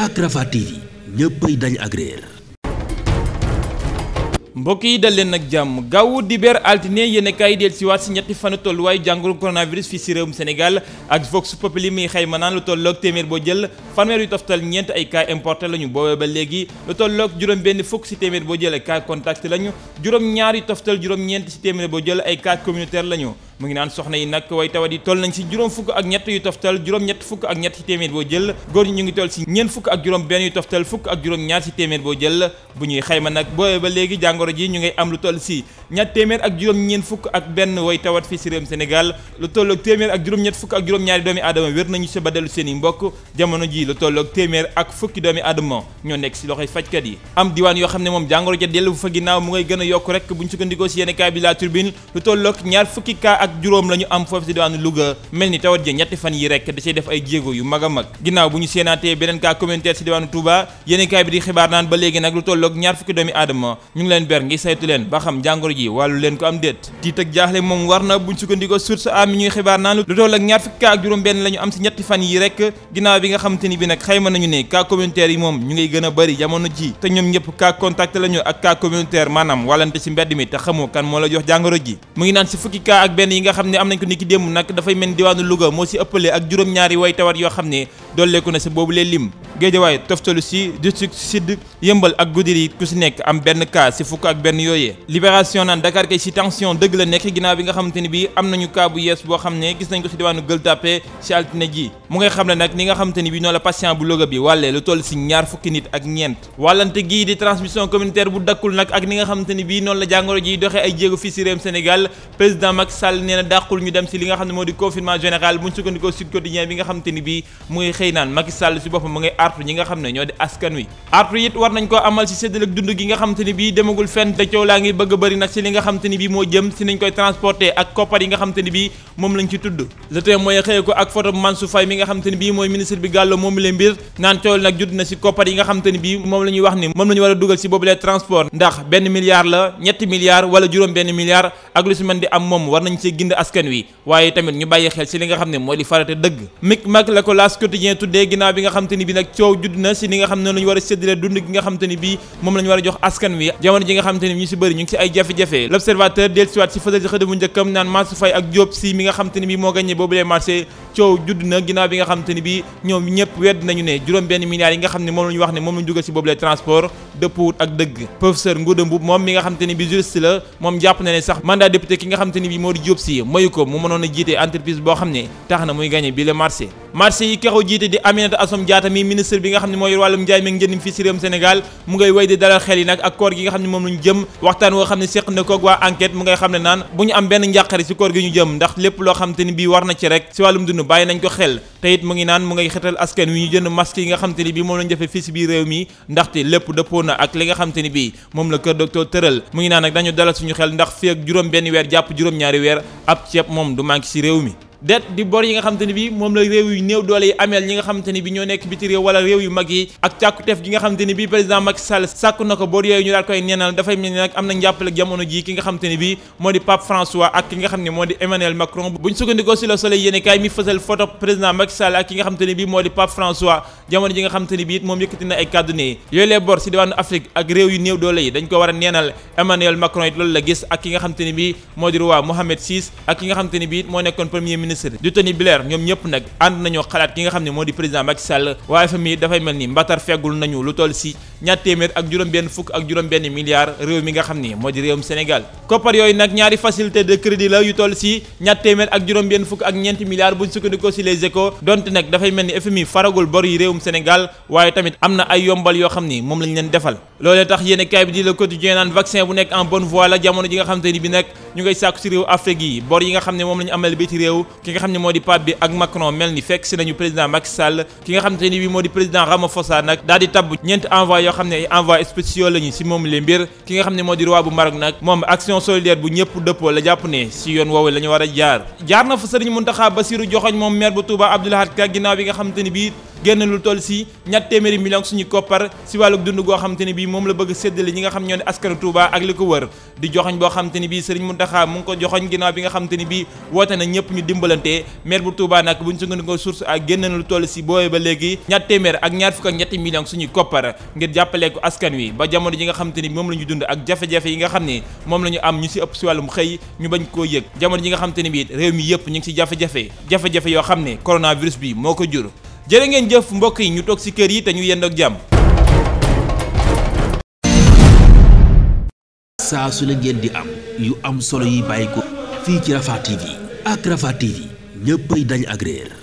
ak Rafah TV ñëppay dañ agréer mbokk yi dal leen nag jàmm gaawu dibeer altine yéen kaay del siwaat si ñetti fanu tolluwaayu jàngoro coronavirus fii si réewum Sénégal ak Vox Populi muy xayma naan lu tolloog téeméer boo jël fanweer yu toftal ñeent ay kaa importé lañu boobee ba léegi lu tolloog juróom benn fukk si téeméer boo jël ay cas contact lañu juróom ñaar yu toftal juróom ñeent si téeméer boo jël ay cas communautaire lañu mu ngi naan soxna yi nag way tawat yi toll nañ si juróom fukk ak ñett yu toftal juróom-ñett fukk ak ñett si téeméer boo jël góor ñu ngi toll si ñeent fukk ak juróom benn yu toftal fukk ak juróom ñaar si téeméer boo jël bu ñuy xayma nag boobe ba léegi jàngoro ji ñu ngay am lu toll si ñaar téeméer ak juróom ñeen fukk ak benn way tawat fi si réewum Sénégal lu tolloog téeméer ak juróom-ñett fukk ak juróom-ñaari doomi aadama wér nañu si ba dellu seen i mbokk jamono ji lu tolloog téeméer ak fukki doomi aadama ñoo nekk si loxoy fajkat yi am diwaan yoo xam ne moom jàngoro ja dellu bu fa ginnaaw mu yokk rek buñ sukkandikoo si yenn kaay bi la turbine lu ak juróom la ñu am foofu si diwaanu Louga mel ni tawat ja ñetti fan yi rek da cey def ay jéego yu mag a mag ginnaaw bu ñu séenaatee beneen cas communautaire si diwaanu Touba yéen kaay bi di xibaar naan ba léegi nag lu tolloog ñaar ñu ngi leen am déet tiit ak na buñ a mi ñuy xibaar naan lu tolloog ñaar fukki cas ak juróom benn la ñu am si ñetti fan yi rek ginnaaw bi nga xamante ni bi moom ñu ngay gën a jamono ji te ñoom cas contact lañu ak cas communautaire maanaam wàllante si mbedd mi te xamoo kan moo la jox jàngoro ji mu ngi naan si fukki cas ak benn yi nga xam ne am nañ ko ni ki démb nag dafay mel diwaanu luga moo si ëppale ak juróom-ñaari way tawat yoo xam ne dolleeku na si boobu lee lim Géejawaay toftalu si district sud yëmbal ak Goudiri ku si nekk am benn cas si fukk ak benn yooyee Libération naan Dakar kay si tension dëgg la nekk ginnaaw bi nga xamante bi noonu la patient bu Louga bi wàllee lu toll si ñaar fukki nit ak ñeent wàllante gii di transmission communautaire bu dakkul nag ak ni nga xamante bi noonu la jàngoro ji doxee ay jéego fii Sénégal président Macky Sall nee na ñu dem si li nga xam ne moo di confinement artu ñi nga xam ne ñoo di askan wi artu it war nañ koo amal si séddale ak dund gi nga xam te ni demagul fenn te coow laa ngi bëgg a nag si li nga xam te ni moo jëm si nañ koy transporté ak koppar yi nga xam te ni moom lañ ci tudd le thème mooy xëye ko ak photo Mansour Faye mi nga xam te ni mooy ministre bi gàllo la moom la war a dugal si boobu lee transport ndax benn milliard la ñetti milliard wala juróom benn milliard ak lu coow judd na si ni nga xam ne la ñu war a séddale dund gi nga xam te ni bii moom la ñu war a jox askan wi jamono ji nga xam te ni ñu si bëri ñu ngi si ay jafe-jafe l'observateur del siwaat si fasal si xëdamu njëkkam naan Mansour Faye ak Diop si mi nga xam te ni bii moo gagné boobu les marché coow judd na ginnaaw bi nga xam te ni bi wedd nañu ne juróom benn milliards yi nga xam ne moom la wax ne moom la ñu dugal ci boobu nga xam te moom jàpp na bi a jiite entreprise boo xam ne tax na nga xam ne moom la jëm waxtaan woo xam ne séq na waa enquête mu ngay xam ne naan bu ñu am benn njàqare ci koor gi ñu jëm ndax lépp loo xam te bi war na ci rek ci wàllum dund génn bàyyi nañ ko xel teyit it mu ngi naan mu ngay xetal askan wi ñu jënd masque yi nga xam te ni bii moom lañ jëfe fii si biir réew mi ndaxte lépp dëppoo na ak li nga xam te ni bii moom la kër docteur tëral mu ngi naan nag dañu dalal suñu xel ndax fii ak juróom benn weer jàpp juróom-ñaari weer ab ceeb moom du manqué si réew mi det di bor yi nga xamante bi moom la réew yu néew doole yi ameel ñi nga xamante bi ñoo nekk biti réew wala réew yu mag yi ak càkkuteef gi nga xamante bi président Macky Sall na ko bor yooyu ñu daal koy neenal dafay mel ni nag moom yëkkati na ay kàddu ne yooyu lee bor si diwaanu Afrique ak réew yu néew doole yi dañ ko war a neenal Emmanuel Macron it loolu la gis ak ki nga xamante bi moo di roi Mohamed VI ak ki nga xamante bi moo nekkoon ministre du Tony Blair ñoom ñëpp nag ànd nañoo xalaat ki nga xam ne moo di président Macky waaye fa dafay mel ni mbatar feggul nañu lu toll si ñaar ak juróom-benn fukk les échos donte nag dafay mel ni FMI faragul bor yi réewum Sénégal waaye tamit am na ay yombal yoo xam ni moom lañ leen defal loolee tax yéen kaay bi di le quotidien naan vaccin bu nekk en bonne voie la jamono ji nga xam te bi nag ñu ngay sàkku si réew Afrique yi bor yi nga ki nga xam ne moo di Pape bi ak Macron mel ni fekk si nañu président Macky Sall ki nga xam ni bi moo di président Ramaphosa nag daal di ñeenti envoyé yoo xam ne ay envoyé lañu si moom le mbir ki nga xam ne moo di roi bu Maroc nag moom action solidaire bu ñëpp dëppoo la jàpp ne si yoon woowu la war a jaar jaar na fa Serigne Mountakha Bassirou joxoñ moom maire bu Touba Abdoul Ahad Ka ginnaaw bi nga xam te ni bii génn lu toll si ñett téeméeri million suñu koppar si wàllu dund goo xam te ne bii moom la bëgg séddale ñi nga xam ñoo ne askanu Touba ak li ko wër di joxoñ boo xam te ni bii Serigne Mountakha mu ngi ko joxoñ ginnaaw bi nga xam te ni bii woote na ñëpp ñu dimbalante maire bu Touba nag buñ sukkandikoo source ak génn toll si boobee ba léegi ñett téeméer ñaar fukk ak ñetti million suñu koppar ngir jàppale ko askan wi ba jamono ji nga xam te ni moom la ñu dund ak jafe-jafe yi nga xam ne moom la am ñu si ëpp si xëy ñu bañ koo yëg jamono yi nga xam te bii réew mi yëpp ñu ngi si jafe-jafe jafe-jafe yoo xam ne coronavirus bi moo ko jur jërë ngeen jëf mbokk yi ñu toog ci kër yi te ñu yend ak jàmm. saa su la ngeen di am yu am solo yi bàyyi ko fii ci Rafah TV ak Rafah TV ñëppay dañ agréer